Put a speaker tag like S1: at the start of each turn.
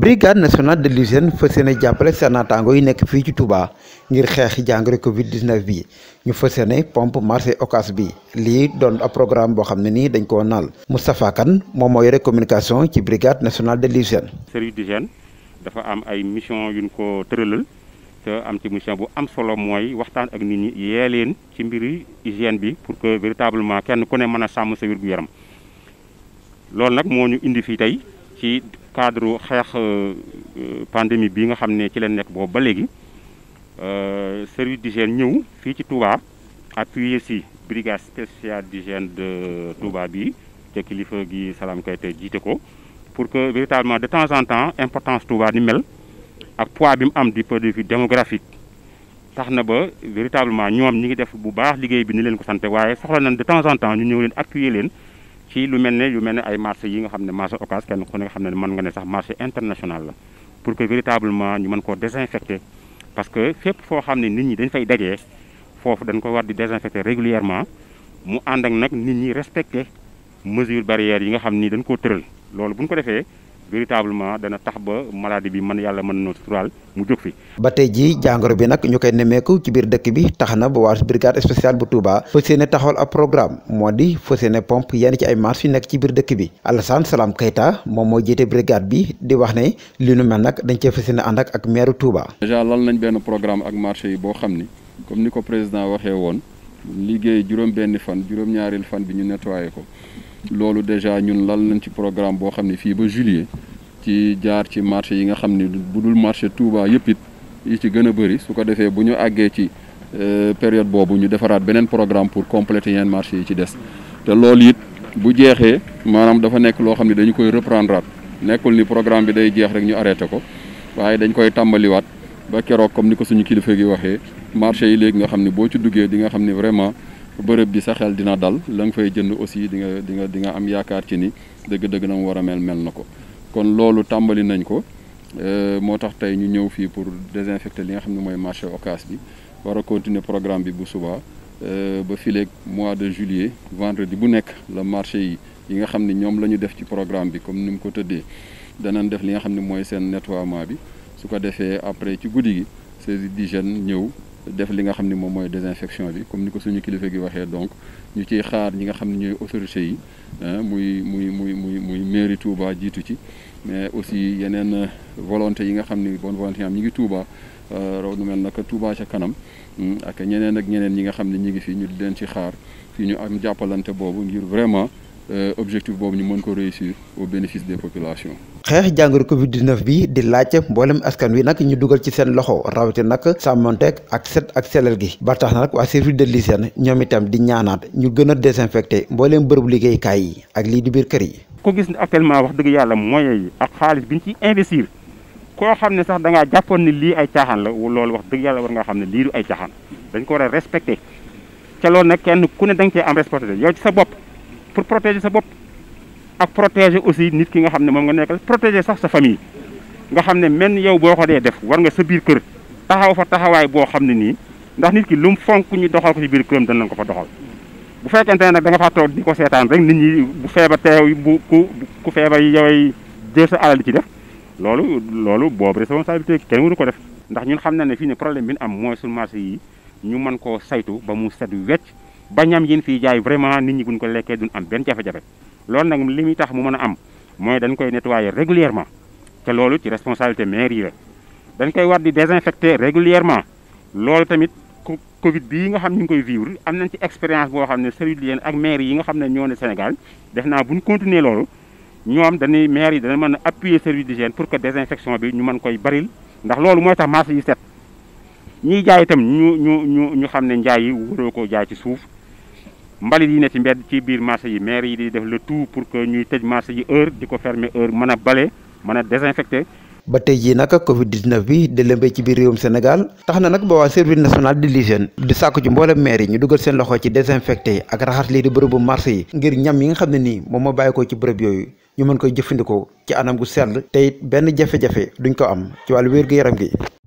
S1: brigade nationale de l'hygiène fas yéene jàppale seen naataango yi nekk fii ci Touba ngir xeexi jàngoro Covid 19 bi ñu fas yéene pompe marché Ocass bi lii doon ab programme boo xam ne nii dañ koo naal Moustapha Kane moom moo yore communication ci brigade nationale de l'hygiène.
S2: service d'hygiène dafa am ay mission yu ñu ko tëralal te am ci mission bu am solo mooy waxtaan ak nit ñi yee leen ci mbiri hygiène bi pour que véritablement kenn ku ne mën a sàmm sa wér yaram loolu nag moo cadre xeex euh, euh, pandémie bi nga xam ne ci leen nekk boobu ba léegi euh, service d'hygiène ñëw fii ci Touba appuyé si brigade spéciale d'hygiène de Touba bi te kilifa gi Salam Keïta jiite ko pour que véritablement de temps en temps importance Touba ni mel ak poids bi mu am di point de vue démographique tax na ba véritablement ñoom ñi ngi def bu baax liggéey bi ni leen ko sante waaye soxla nañ de temps en temps ñu ñëw leen appuyer leen ci lu mel ne lu mel ne ay marché yi nga xam ne marché Ocass kenn ku ne nga xam ne man nga ne sax marché international la pour que véritablement ñu mën koo désinfecter parce que fépp foo xam ne nit ñi dañ fay dajee foofu dañ ko war di désinfecter régulièrement mu ànd ak nag nit ñi respecter mesures barrières yi nga xam ni dañ koo tëral loolu bu ñu ko defee véritablement dana tax ba maladie bi man yàlla mën na suturaal mu jóg fi.
S1: ba tey jii jàngoro bi nag ñu koy nemmeeku ci biir dëkk bi tax na ba waa brigade spéciale bu Touba fas yéene taxawal ab programme moo di fas yéene pompe yenn ci ay marche yu nekk ci biir dëkk bi Alassane Salam kayta moom mooy jiite brigade bi di wax ne li nu mel nag dañ cee fas ne ànd ak ak maire Touba.
S3: dèjà lal nañ benn programme ak marché yi boo xam ni comme ni ko président waxee woon liggéey juróom benni fan juróom ñaaril fan bi ñu nettoyé ko. loolu déjà ñun lal nañ ci programme boo xam ne fii ba juillet ci jaar ci marché yi nga xam ne bu dul marché Touba yëpp it yi ci gën a bëri su ko defee bu ñu àggee ci euh, période boobu ñu defaraat beneen programme pour compléter yeneen marché yi ci des te loolu it bu jeexee maanaam dafa nekk loo xam ne dañu koy reprendre nekkul ni programme bi day jeex rek ñu arrêté ko waaye dañ koy tàmbaliwaat ba keroog comme ni ko suñu kilifa gi waxee marché yi léegi nga xam ne boo ci duggee di nga xam ne vraiment. bërëb bi sa xel dina dal la nga fay jënd aussi di nga di nga di nga am yaakaar ci ni dëgg-dëgg na mu war a mel mel na ko kon loolu tàmbali nañ ko euh, moo tax tey ñu ñëw fii pour désinfecter li nga xam ne mooy marché Ocass bi war a continuer programme bi bu subaa euh, ba fileeg mois de juillet vendredi bu nekk la marché yi yi nga xam ne ñoom la ñu def ci programme bi comme ni mu ko tëddee danan def li nga xam ne mooy seen nettoiement bi su ko defee après ci guddi gi service d'hygiène ñëw def li nga xam ni moom mooy désinfection bi comme ni ko suñu kilifa gi waxee donc ñu ciy xaar ñi nga xam ne ñooy autorités yi muy muy muy muy muy mairie Touba jiitu ci mais aussi yeneen volonté yi nga xam ni bonne volonté am ñi ngi Touba euh, raw nu mel naka Touba ca kanam hmm, ak ñeneen ak ñeneen ñi nga xam ne ñi ngi fi ñu leen ci xaar fii ñu am jàppalante boobu ngir vraiment euh, objectif boobu ñu mën ko réussir au bénéfice des population
S1: xeex jàngoro covid 19 bi di laaj mboolem askan wi nag ñu dugal ci seen loxo rawati nag sàmmonteeg ak set ak selal gi ba tax na nag waa service de l'hygiène ñoom itam di ñaanaat ñu gën a désinfecté mbooleem bërëbu liggéeykaay yi ak lii di biir kër yi
S2: ko gis ne actuellement wax dëgg yàlla moyens yi ak xaalis bi ñu ci investir koo xam ne sax da ngaa jàppoon ne lii ay caaxaan la loolu wax dëgg yàlla war nga xam ne lii du ay caaxaan dañ ko war a respecté nag kenn ku ne da nga am respecté yow sa bopp ak protéger aussi nit ki nga xam ne moom nga nekkal protéger sax sa famille nga xam ne men yow boo ko dee def war nga sa biir kër taxaw fa taxawaay boo xam ne nii ndax nit ki lu mu fonk ñu doxal ko ci biir këram danañ ko fa doxal bu fekkente ne da nga faa toog di ko seetaan rek nit ñi bu feebar teew bu ku ku feebar yowey jël sa alal ci def loolu loolu boobu responsabilité kenn waru ko def ndax ñun xam na ne fii ne problème bi nu am mooy su marché yi ñu mën koo saytu ba mu set wecc ba ñam yin fii jaay vraiment nit ñi buñ ko lekkee duñ am benn jafe-jafe loolu nag li muy tax mu mën a am mooy dañ koy nettoyer régulièrement te loolu ci responsabilité maire yi dañ koy war di désinfecter régulièrement loolu tamit covid bii nga xam ñu ngi koy vivre am nañ ci expérience boo xam ne service d'hygiène ak maire yi nga xam ne ñoo ne Sénégal def naa buñ continuer loolu ñoom dañuy maire yi dana mën a appuyer service d'hygiène pour que désinfection bi ñu mën koy baril ndax loolu mooy tax marché yi set ñiy jaay itam ñu ñu ñu ñu xam ne njaay yi koo jaay ci suuf mbalit yi ne ci mbedd ci biir marché yi maire yi di def le tout pour que ñuy tëj marché yi heure di ko fermer heure mën a bale mën a désinfecté
S1: ba tey jii nag Covid 19 bi di lëmbee ci biir réewum Sénégal tax na nag ba waa service national de l'hygiène di sàkku ci mboolem maire ñu dugal seen loxo ci désinfecté ak raxas lii di bërëbu marché yi ngir ñam yi nga xam ne nii moom moo bàyyi ko ci bërëb yooyu ñu mën koy jëfandikoo ci anam gu sell te it benn jafe duñ ko am ci wàllu wér gu gi.